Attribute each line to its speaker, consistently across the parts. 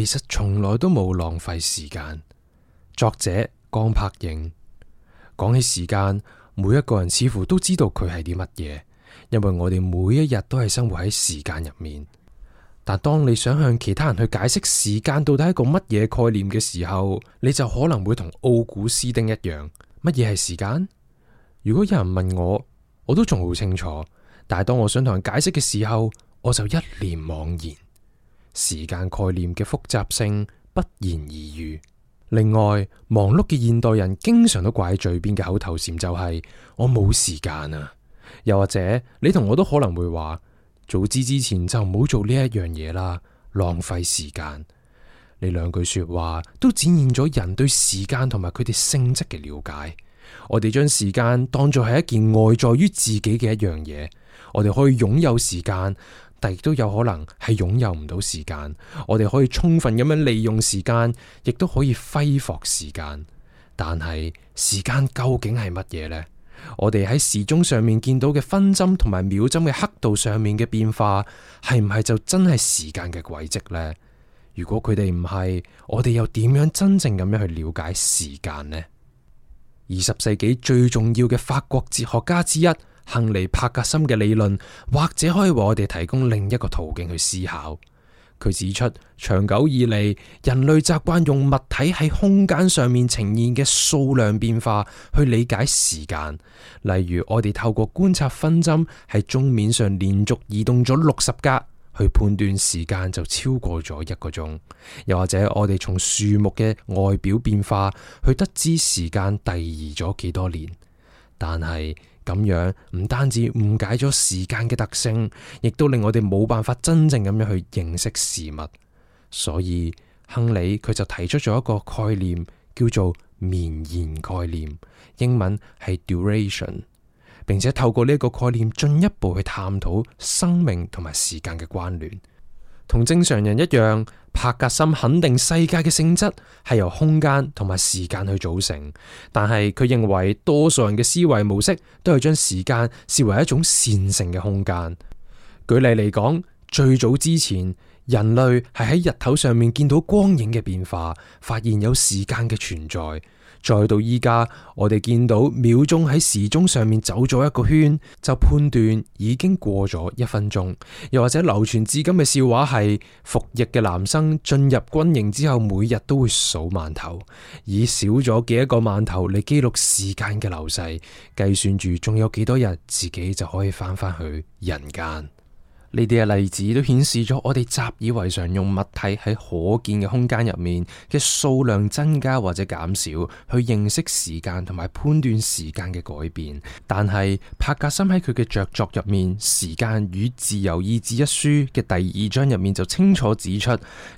Speaker 1: 其實從來都冇浪費時間。作者江伯瑩講起時間，每一個人似乎都知道佢係啲乜嘢，因為我哋每一日都係生活喺時間入面。但當你想向其他人去解釋時間到底係一個乜嘢概念嘅時候，你就可能會同奧古斯丁一樣，乜嘢係時間？如果有人問我，我都仲好清楚。但係當我想同人解釋嘅時候，我就一臉茫然。時間概念嘅複雜性不言而喻。另外，忙碌嘅現代人經常都掛喺嘴邊嘅口頭禪就係：我冇時間啊！又或者，你同我都可能會話：早知之前就唔好做呢一樣嘢啦，浪費時間。呢兩句說話都展現咗人對時間同埋佢哋性質嘅了解。我哋將時間當作係一件外在於自己嘅一樣嘢，我哋可以擁有時間。但亦都有可能係擁有唔到時間，我哋可以充分咁樣利用時間，亦都可以揮霍時間。但係時間究竟係乜嘢呢？我哋喺時鐘上面見到嘅分針同埋秒針嘅刻度上面嘅變化，係唔係就真係時間嘅軌跡呢？如果佢哋唔係，我哋又點樣真正咁樣去了解時間呢？二十世紀最重要嘅法國哲學家之一，亨利柏格森嘅理論，或者可以為我哋提供另一個途徑去思考。佢指出，長久以嚟，人類習慣用物體喺空間上面呈現嘅數量變化去理解時間。例如，我哋透過觀察分針喺鐘面上連續移動咗六十格，去判斷時間就超過咗一個鐘。又或者，我哋從樹木嘅外表變化去得知時間遞移咗幾多年。但係，咁樣唔單止誤解咗時間嘅特性，亦都令我哋冇辦法真正咁樣去認識事物。所以亨利佢就提出咗一個概念，叫做綿延概念，英文係 duration，並且透過呢一個概念進一步去探討生命同埋時間嘅關聯。同正常人一樣。柏格森肯定世界嘅性質係由空間同埋時間去組成，但係佢認為多數人嘅思維模式都係將時間視為一種線性嘅空間。舉例嚟講，最早之前人類係喺日頭上面見到光影嘅變化，發現有時間嘅存在。再到依家，我哋見到秒鐘喺時鐘上面走咗一個圈，就判斷已經過咗一分鐘。又或者流傳至今嘅笑話係，服役嘅男生進入軍營之後，每日都會數饅頭，以少咗幾個饅頭嚟記錄時間嘅流逝，計算住仲有幾多日自己就可以翻返去人間。呢啲嘅例子都顯示咗，我哋習以為常用物體喺可見嘅空間入面嘅數量增加或者減少去認識時間同埋判斷時間嘅改變。但係柏格森喺佢嘅着作入面《時間與自由意志》一書嘅第二章入面就清楚指出，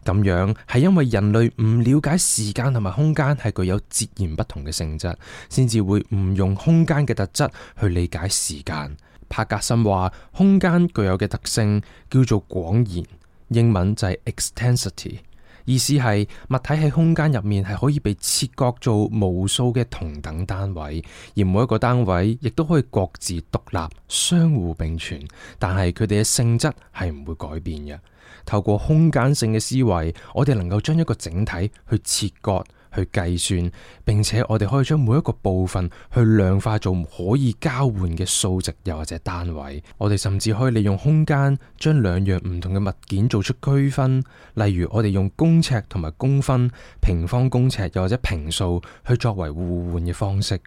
Speaker 1: 咁樣係因為人類唔了解時間同埋空間係具有截然不同嘅性質，先至會唔用空間嘅特質去理解時間。柏格森話：空間具有嘅特性叫做廣延，英文就係 extensity，意思係物體喺空間入面係可以被切割做無數嘅同等單位，而每一個單位亦都可以各自獨立、相互並存，但係佢哋嘅性質係唔會改變嘅。透過空間性嘅思維，我哋能夠將一個整體去切割去計算，並且我哋可以將每一個部分去量化做可以交換嘅數值，又或者單位。我哋甚至可以利用空間將兩樣唔同嘅物件做出區分，例如我哋用公尺同埋公分、平方公尺又或者坪數去作為互換嘅方式。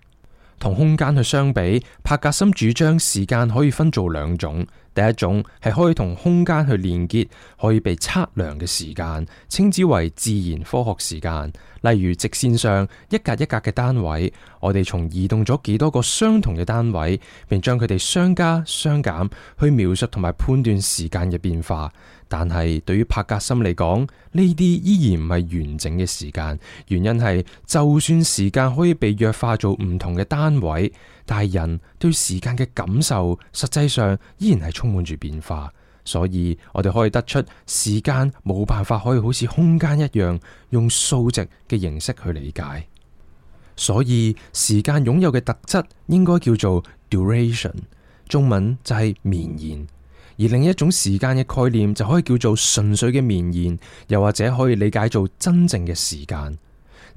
Speaker 1: 同空間去相比，柏格森主張時間可以分做兩種，第一種係可以同空間去連結，可以被測量嘅時間，稱之為自然科學時間，例如直線上一格一格嘅單位，我哋從移動咗幾多個相同嘅單位，並將佢哋相加相減，去描述同埋判斷時間嘅變化。但係對於柏格森嚟講，呢啲依然唔係完整嘅時間。原因係，就算時間可以被約化做唔同嘅單位，但係人對時間嘅感受，實際上依然係充滿住變化。所以，我哋可以得出，時間冇辦法可以好似空間一樣，用數值嘅形式去理解。所以，時間擁有嘅特質應該叫做 duration，中文就係綿延。而另一種時間嘅概念，就可以叫做純粹嘅綿延，又或者可以理解做真正嘅時間。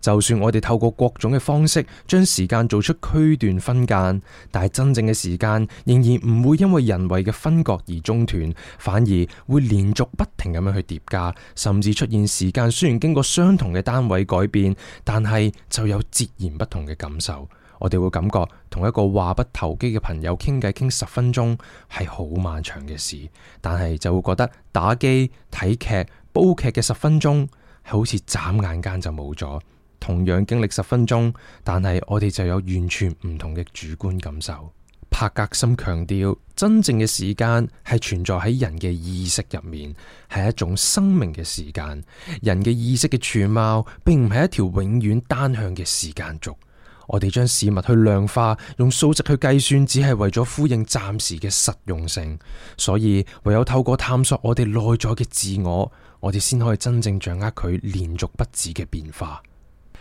Speaker 1: 就算我哋透過各種嘅方式將時間做出區段分間，但係真正嘅時間仍然唔會因為人為嘅分割而中斷，反而會連續不停咁樣去疊加，甚至出現時間雖然經過相同嘅單位改變，但係就有截然不同嘅感受。我哋會感覺同一個話不投機嘅朋友傾偈傾十分鐘係好漫長嘅事，但係就會覺得打機、睇劇、煲劇嘅十分鐘係好似眨眼間就冇咗。同樣經歷十分鐘，但係我哋就有完全唔同嘅主觀感受。柏格森強調，真正嘅時間係存在喺人嘅意識入面，係一種生命嘅時間。人嘅意識嘅全貌，並唔係一條永遠單向嘅時間軸。我哋將事物去量化，用數值去計算，只係為咗呼應暫時嘅實用性。所以唯有透過探索我哋內在嘅自我，我哋先可以真正掌握佢連續不止嘅變化。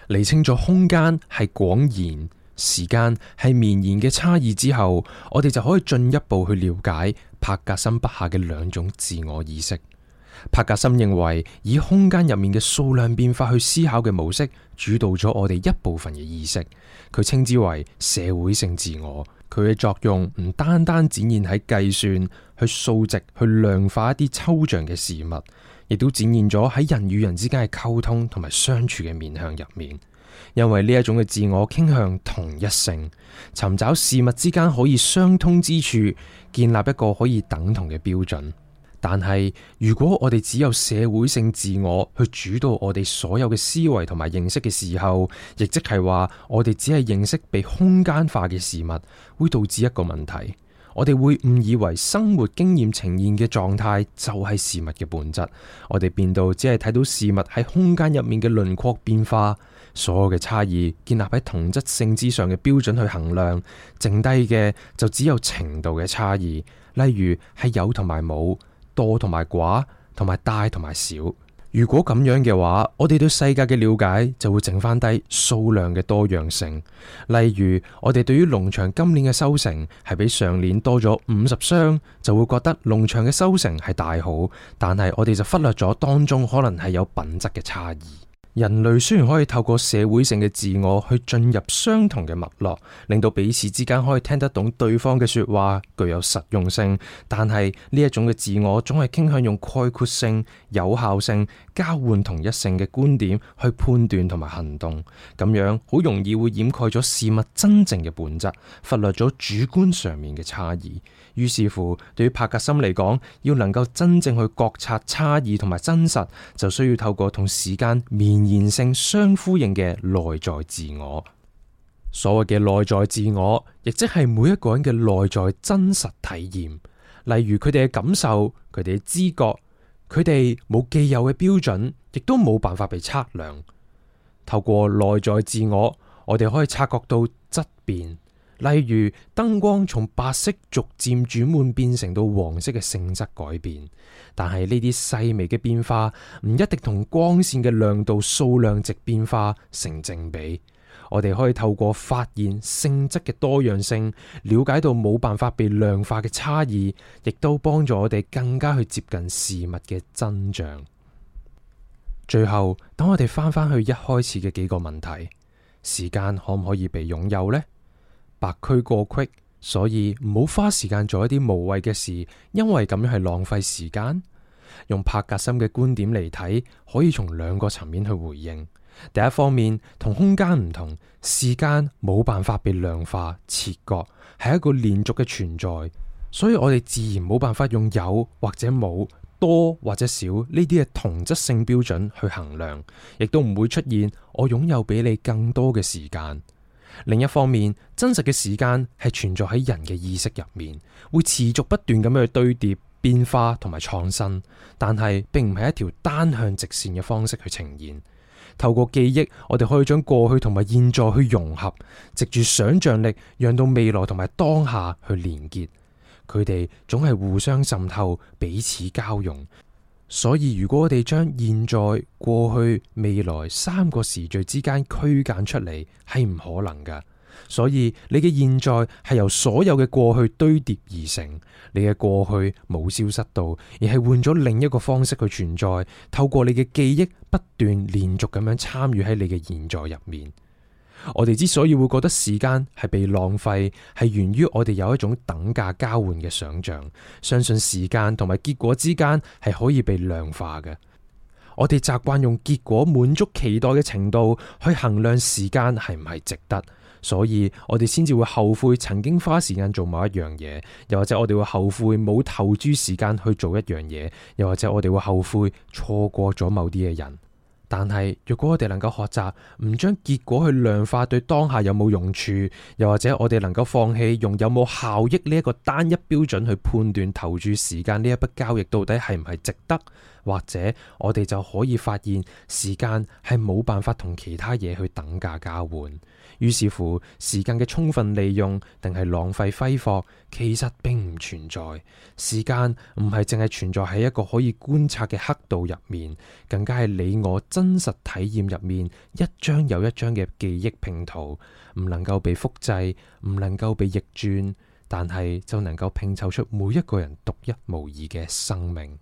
Speaker 1: 厘清咗空間係廣延、時間係綿延嘅差異之後，我哋就可以進一步去了解柏格森筆下嘅兩種自我意識。柏格森認為，以空間入面嘅數量變化去思考嘅模式主導咗我哋一部分嘅意識，佢稱之為社會性自我。佢嘅作用唔單單展現喺計算、去數值、去量化一啲抽象嘅事物，亦都展現咗喺人與人之間嘅溝通同埋相處嘅面向入面。因為呢一種嘅自我傾向同一性，尋找事物之間可以相通之處，建立一個可以等同嘅標準。但係，如果我哋只有社會性自我去主導我哋所有嘅思維同埋認識嘅時候，亦即係話我哋只係認識被空間化嘅事物，會導致一個問題：我哋會誤以為生活經驗呈現嘅狀態就係事物嘅本質。我哋變到只係睇到事物喺空間入面嘅輪廓變化，所有嘅差異建立喺同質性之上嘅標準去衡量，剩低嘅就只有程度嘅差異，例如係有同埋冇。多同埋寡，同埋大同埋小。如果咁樣嘅話，我哋對世界嘅了解就會剩翻低數量嘅多樣性。例如，我哋對於農場今年嘅收成係比上年多咗五十箱，就會覺得農場嘅收成係大好，但係我哋就忽略咗當中可能係有品質嘅差異。人類雖然可以透過社會性嘅自我去進入相同嘅脈絡，令到彼此之間可以聽得懂對方嘅說話，具有實用性，但係呢一種嘅自我總係傾向用概括性、有效性、交換同一性嘅觀點去判斷同埋行動，咁樣好容易會掩蓋咗事物真正嘅本質，忽略咗主觀上面嘅差異。於是乎，對於柏格森嚟講，要能夠真正去覺察差異同埋真實，就需要透過同時間面。現性相呼應嘅內在自我，所謂嘅內在自我，亦即係每一個人嘅內在真實體驗，例如佢哋嘅感受、佢哋嘅知覺、佢哋冇既有嘅標準，亦都冇辦法被測量。透過內在自我，我哋可以察覺到質變。例如燈光從白色逐漸轉換變成到黃色嘅性質改變，但係呢啲細微嘅變化唔一定同光線嘅亮度數量值變化成正比。我哋可以透過發現性質嘅多樣性，了解到冇辦法被量化嘅差異，亦都幫助我哋更加去接近事物嘅真相。最後，等我哋翻翻去一開始嘅幾個問題：時間可唔可以被擁有呢？白駒過隙，所以唔好花時間做一啲無謂嘅事，因為咁樣係浪費時間。用柏格森嘅觀點嚟睇，可以從兩個層面去回應。第一方面，同空間唔同，時間冇辦法被量化切割，係一個連續嘅存在，所以我哋自然冇辦法用有或者冇、多或者少呢啲嘅同質性標準去衡量，亦都唔會出現我擁有比你更多嘅時間。另一方面，真實嘅時間係存在喺人嘅意識入面，會持續不斷咁樣去堆疊、變化同埋創新。但係並唔係一條單向直線嘅方式去呈現。透過記憶，我哋可以將過去同埋現在去融合，藉住想像力，讓到未來同埋當下去連結。佢哋總係互相滲透，彼此交融。所以如果我哋將現在、過去、未來三個時序之間區間出嚟，係唔可能㗎。所以你嘅現在係由所有嘅過去堆疊而成，你嘅過去冇消失到，而係換咗另一個方式去存在，透過你嘅記憶不斷連續咁樣參與喺你嘅現在入面。我哋之所以會覺得時間係被浪費，係源於我哋有一種等價交換嘅想象，相信時間同埋結果之間係可以被量化嘅。我哋習慣用結果滿足期待嘅程度去衡量時間係唔係值得，所以我哋先至會後悔曾經花時間做某一樣嘢，又或者我哋會後悔冇投注時間去做一樣嘢，又或者我哋會後悔錯過咗某啲嘅人。但係，如果我哋能夠學習唔將結果去量化對當下有冇用處，又或者我哋能夠放棄用有冇效益呢一個單一標準去判斷投注時間呢一筆交易到底係唔係值得，或者我哋就可以發現時間係冇辦法同其他嘢去等價交換。於是乎，時間嘅充分利用定係浪費揮霍，其實並唔存在。時間唔係淨係存在喺一個可以觀察嘅刻度入面，更加係你我真實體驗入面一張又一張嘅記憶拼圖，唔能夠被複製，唔能夠被逆轉，但係就能夠拼湊出每一個人獨一無二嘅生命。